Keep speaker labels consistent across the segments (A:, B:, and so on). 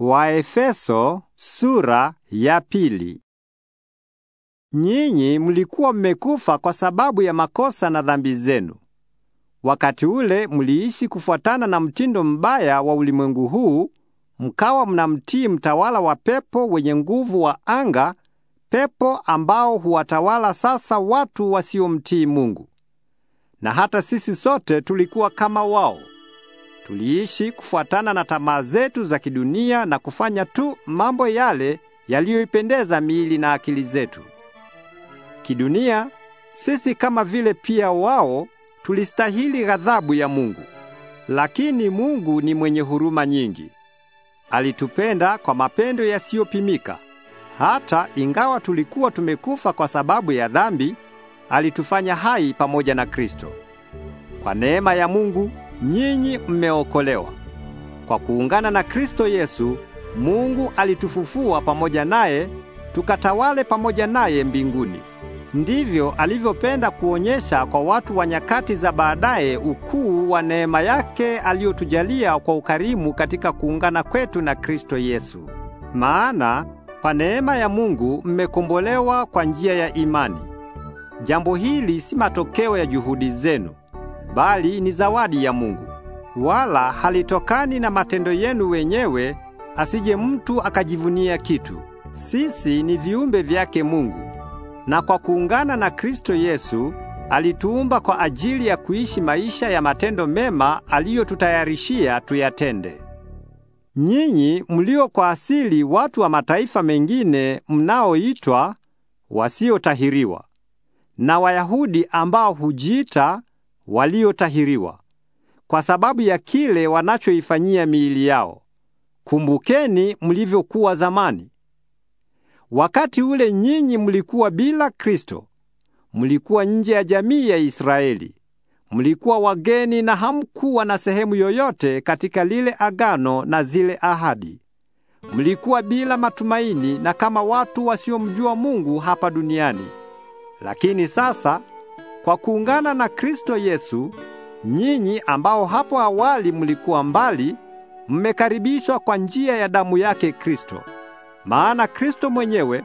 A: Waefeso sura ya pili. Nyinyi mlikuwa mmekufa kwa sababu ya makosa na dhambi zenu. Wakati ule mliishi kufuatana na mtindo mbaya wa ulimwengu huu, mkawa mnamtii mtawala wa pepo wenye nguvu wa anga, pepo ambao huwatawala sasa watu wasiomtii Mungu. Na hata sisi sote tulikuwa kama wao tuliishi kufuatana na tamaa zetu za kidunia na kufanya tu mambo yale yaliyoipendeza miili na akili zetu. Kidunia sisi kama vile pia wao tulistahili ghadhabu ya Mungu. Lakini Mungu ni mwenye huruma nyingi. Alitupenda kwa mapendo yasiyopimika. Hata ingawa tulikuwa tumekufa kwa sababu ya dhambi, alitufanya hai pamoja na Kristo. Kwa neema ya Mungu nyinyi mmeokolewa. Kwa kuungana na Kristo Yesu, Mungu alitufufua pamoja naye tukatawale pamoja naye mbinguni. Ndivyo alivyopenda kuonyesha kwa watu wa nyakati za baadaye ukuu wa neema yake aliyotujalia kwa ukarimu katika kuungana kwetu na Kristo Yesu. Maana kwa neema ya Mungu mmekombolewa kwa njia ya imani. Jambo hili si matokeo ya juhudi zenu, bali ni zawadi ya Mungu, wala halitokani na matendo yenu wenyewe, asije mtu akajivunia kitu. Sisi ni viumbe vyake Mungu, na kwa kuungana na Kristo Yesu alituumba kwa ajili ya kuishi maisha ya matendo mema aliyotutayarishia tuyatende. Nyinyi mlio kwa asili watu wa mataifa mengine mnaoitwa wasiotahiriwa na Wayahudi ambao hujiita waliotahiriwa kwa sababu ya kile wanachoifanyia miili yao. Kumbukeni mlivyokuwa zamani. Wakati ule nyinyi mlikuwa bila Kristo, mlikuwa nje ya jamii ya Israeli, mlikuwa wageni na hamkuwa na sehemu yoyote katika lile agano na zile ahadi. Mlikuwa bila matumaini na kama watu wasiomjua Mungu hapa duniani. Lakini sasa kwa kuungana na Kristo Yesu, nyinyi ambao hapo awali mlikuwa mbali, mmekaribishwa kwa njia ya damu yake Kristo. Maana Kristo mwenyewe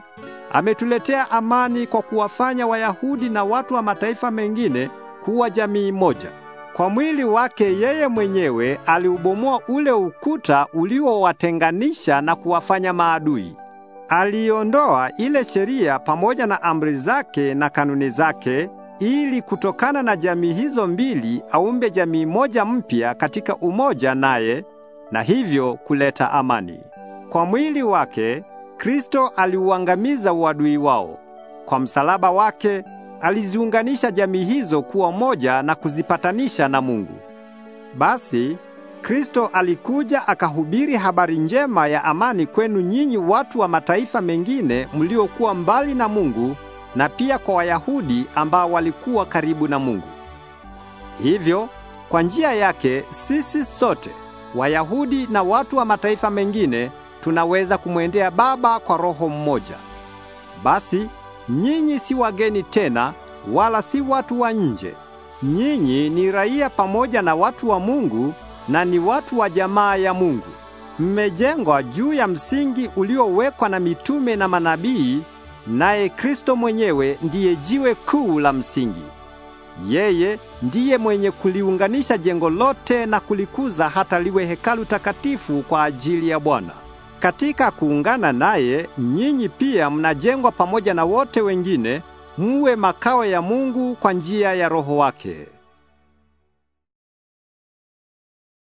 A: ametuletea amani kwa kuwafanya Wayahudi na watu wa mataifa mengine kuwa jamii moja. Kwa mwili wake yeye mwenyewe aliubomoa ule ukuta uliowatenganisha na kuwafanya maadui. Aliiondoa ile sheria pamoja na amri zake na kanuni zake ili kutokana na jamii hizo mbili aumbe jamii moja mpya katika umoja naye na hivyo kuleta amani. Kwa mwili wake Kristo aliuangamiza uadui wao. Kwa msalaba wake aliziunganisha jamii hizo kuwa moja na kuzipatanisha na Mungu. Basi Kristo alikuja akahubiri habari njema ya amani kwenu nyinyi watu wa mataifa mengine mliokuwa mbali na Mungu na pia kwa Wayahudi ambao walikuwa karibu na Mungu. Hivyo, kwa njia yake sisi sote, Wayahudi na watu wa mataifa mengine, tunaweza kumwendea Baba kwa roho mmoja. Basi, nyinyi si wageni tena wala si watu wa nje. Nyinyi ni raia pamoja na watu wa Mungu na ni watu wa jamaa ya Mungu. Mmejengwa juu ya msingi uliowekwa na mitume na manabii naye Kristo mwenyewe ndiye jiwe kuu la msingi. Yeye ndiye mwenye kuliunganisha jengo lote na kulikuza hata liwe hekalu takatifu kwa ajili ya Bwana. Katika kuungana naye, nyinyi pia mnajengwa pamoja na wote wengine muwe makao ya Mungu kwa njia ya Roho wake.